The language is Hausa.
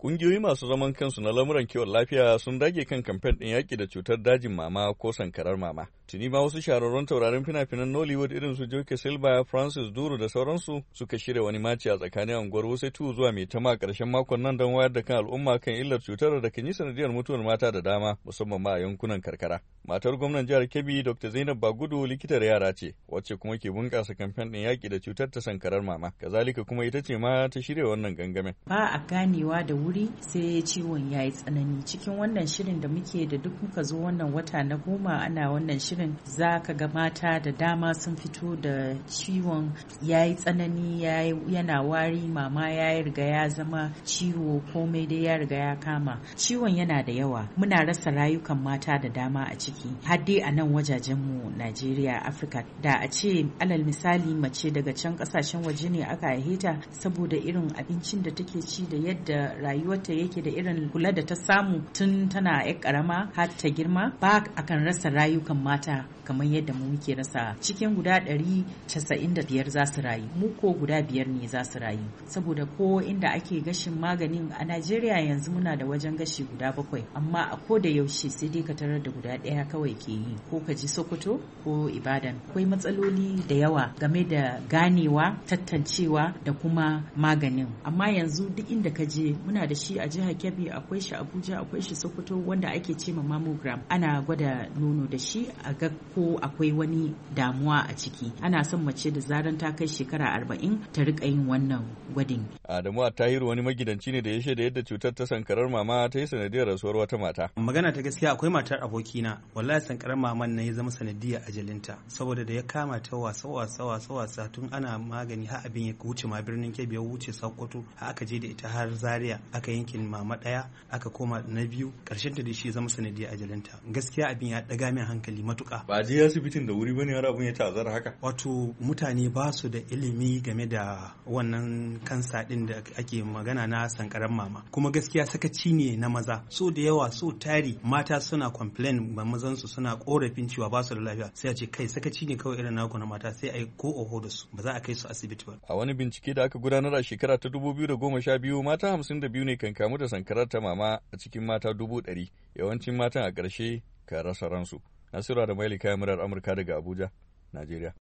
Ƙungiyoyi masu zaman kansu na lamuran kiwon lafiya sun dage kan kamfen ɗin yaƙi da cutar dajin mama ko sankarar mama. Tuni ma wasu shahararrun taurarin fina-finan Nollywood irin su Joke Silva, Francis Duru da sauransu suka shirya wani maci a tsakanin unguwar Wusaitu zuwa mai tama ƙarshen makon nan don wayar da kan al'umma kan illar cutar da kan yi sanadiyar mutuwar mata da dama musamman ma a yankunan karkara. Matar gwamnan jihar Kebbi Dr. Zainab Bagudu likitar yara ce wacce kuma ke bunƙasa kamfen ɗin yaƙi da cutar ta sankarar mama. Kazalika kuma ita ce ma ta shirya wannan gangamin. Ba a ganewa da wuri sai ciwon ya yi tsanani cikin wannan shirin da muke da duk muka zo wannan wata na goma ana wannan shirin za ka ga mata da dama sun fito da ciwon ya yi tsanani yana wari mama ya riga ya zama ciwo komai dai ya riga ya kama ciwon yana da yawa muna rasa rayukan mata da dama a ciki har dai a nan wajajen mu najeriya afirka da a ce alal misali mace daga can kasashen waje ne aka haihe saboda irin abincin da take ci da yadda rayuwarta yake da irin kula da ta samu tun tana ya karama har ta girma ba akan rasa rayukan mata kamar yadda mu muke rasa cikin guda 195 za su rayu mu ko guda biyar ne za su rayu saboda ko inda ake gashin maganin a Najeriya yanzu muna da wajen gashi guda bakwai amma a ko da yaushe sai dai ka tarar da guda ɗaya kawai ke yi ko ka ji Sokoto ko Ibadan akwai matsaloli da yawa game da ganewa tattancewa da kuma maganin amma yanzu duk inda ka je muna da shi a jihar Kebbi akwai shi Abuja akwai shi Sokoto wanda ake ce ma mammogram ana gwada nono da shi a ga ko akwai wani damuwa a ciki ana son mace da zaran ta kai shekara arba'in ta rika yin wannan gwadin. Adamu a Tahiru wani magidanci ne da ya shaida yadda cutar ta sankarar mama ta yi sanadiyar rasuwar wata mata. Magana ta gaskiya akwai matar abokina wallahi sankarar maman na ya zama sanadiyar ajalinta saboda da ya kama ta wasa wasa wasa wasa tun ana magani har abin ya wuce ma birnin Kebbi ya wuce Sokoto har aka je da ita har Zaria aka yankin mama daya aka koma na biyu ƙarshen ta da shi zama sanadiyar ajalinta gaskiya abin ya daga min hankali matuka ba je asibitin da wuri bane har abin ya ta'azzara haka wato mutane ba su da ilimi game da wannan kansa din da ake magana na sankaran mama kuma gaskiya sakaci ne na maza so da yawa so tari mata suna complain ba mazan su suna korafin cewa ba su da lafiya sai a ce kai sakaci ne kawai irin naku na mata sai a yi ko oho da su ba za a kai su asibiti ba a wani bincike da aka gudanar a shekara ta 2012 mata 52 ne kan kamu da sankarar ta mama a cikin mata dubu ɗari yawancin matan a ƙarshe ka rasa ransu. Nasira da Maili kayan murar Amurka daga Abuja, Najeriya.